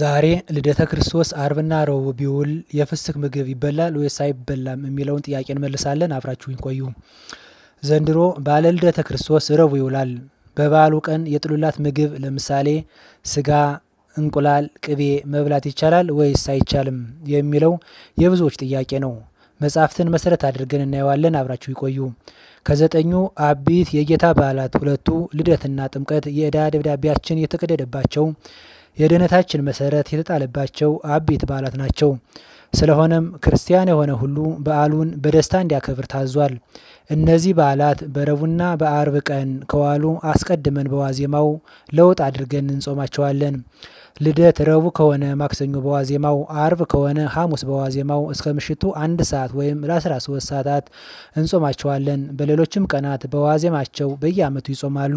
ዛሬ ልደተ ክርስቶስ አርብና ረቡዕ ቢውል የፍስክ ምግብ ይበላል ወይስ አይበላም የሚለውን ጥያቄ እንመልሳለን። አብራችሁኝ ቆዩ። ዘንድሮ ባለልደተ ልደተ ክርስቶስ ረቡዕ ይውላል። በበዓሉ ቀን የጥሉላት ምግብ ለምሳሌ ስጋ፣ እንቁላል፣ ቅቤ መብላት ይቻላል ወይስ አይቻልም የሚለው የብዙዎች ጥያቄ ነው። መጽሐፍትን መሰረት አድርገን እናየዋለን። አብራችሁ ይቆዩ። ከዘጠኙ አበይት የጌታ በዓላት ሁለቱ ልደትና ጥምቀት የዕዳ ደብዳቤያችን የተቀደደባቸው የድኅነታችን መሰረት የተጣለባቸው አበይት በዓላት ናቸው። ስለሆነም ክርስቲያን የሆነ ሁሉ በዓሉን በደስታ እንዲያከብር ታዟል። እነዚህ በዓላት በረቡና በአርብ ቀን ከዋሉ አስቀድመን በዋዜማው ለውጥ አድርገን እንጾማቸዋለን። ልደት ረቡ ከሆነ ማክሰኞ በዋዜማው፣ አርብ ከሆነ ሐሙስ በዋዜማው እስከ ምሽቱ አንድ ሰዓት ወይም ለ13 ሰዓታት እንጾማቸዋለን። በሌሎችም ቀናት በዋዜማቸው በየዓመቱ ይጾማሉ።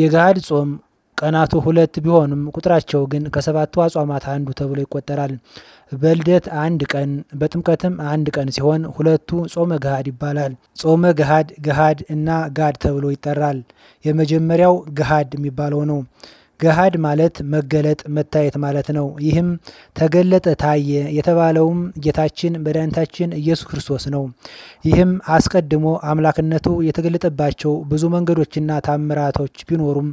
የገሃድ ጾም ቀናቱ ሁለት ቢሆንም ቁጥራቸው ግን ከሰባቱ አጽዋማት አንዱ ተብሎ ይቆጠራል። በልደት አንድ ቀን በጥምቀትም አንድ ቀን ሲሆን ሁለቱ ጾመ ገሃድ ይባላል። ጾመ ገሃድ ገሃድ እና ጋድ ተብሎ ይጠራል። የመጀመሪያው ገሃድ የሚባለው ነው። ገሃድ ማለት መገለጥ መታየት ማለት ነው። ይህም ተገለጠ ታየ የተባለውም ጌታችን መድኃኒታችን ኢየሱስ ክርስቶስ ነው። ይህም አስቀድሞ አምላክነቱ የተገለጠባቸው ብዙ መንገዶችና ታምራቶች ቢኖሩም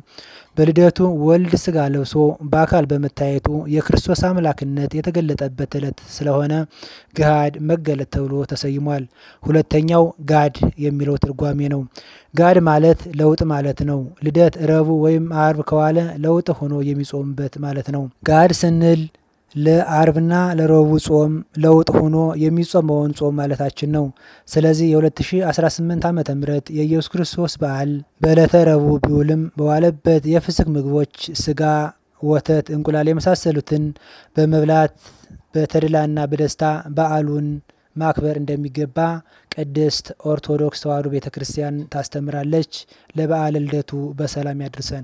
በልደቱ ወልድ ስጋ ለብሶ በአካል በመታየቱ የክርስቶስ አምላክነት የተገለጠበት ዕለት ስለሆነ ገሃድ መገለጥ ተብሎ ተሰይሟል። ሁለተኛው ጋድ የሚለው ትርጓሜ ነው። ጋድ ማለት ለውጥ ማለት ነው። ልደት ረቡዕ ወይም አርብ ከዋለ ለውጥ ሆኖ የሚጾምበት ማለት ነው። ጋድ ስንል ለአርብና ለረቡዕ ጾም ለውጥ ሆኖ የሚጾመውን ጾም ማለታችን ነው። ስለዚህ የ2018 ዓ ምህረት የኢየሱስ ክርስቶስ በዓል በዕለተ ረቡዕ ቢውልም በዋለበት የፍስክ ምግቦች ስጋ፣ ወተት፣ እንቁላል የመሳሰሉትን በመብላት በተድላና በደስታ በዓሉን ማክበር እንደሚገባ ቅድስት ኦርቶዶክስ ተዋሕዶ ቤተ ክርስቲያን ታስተምራለች። ለበዓለ ልደቱ በሰላም ያድርሰን።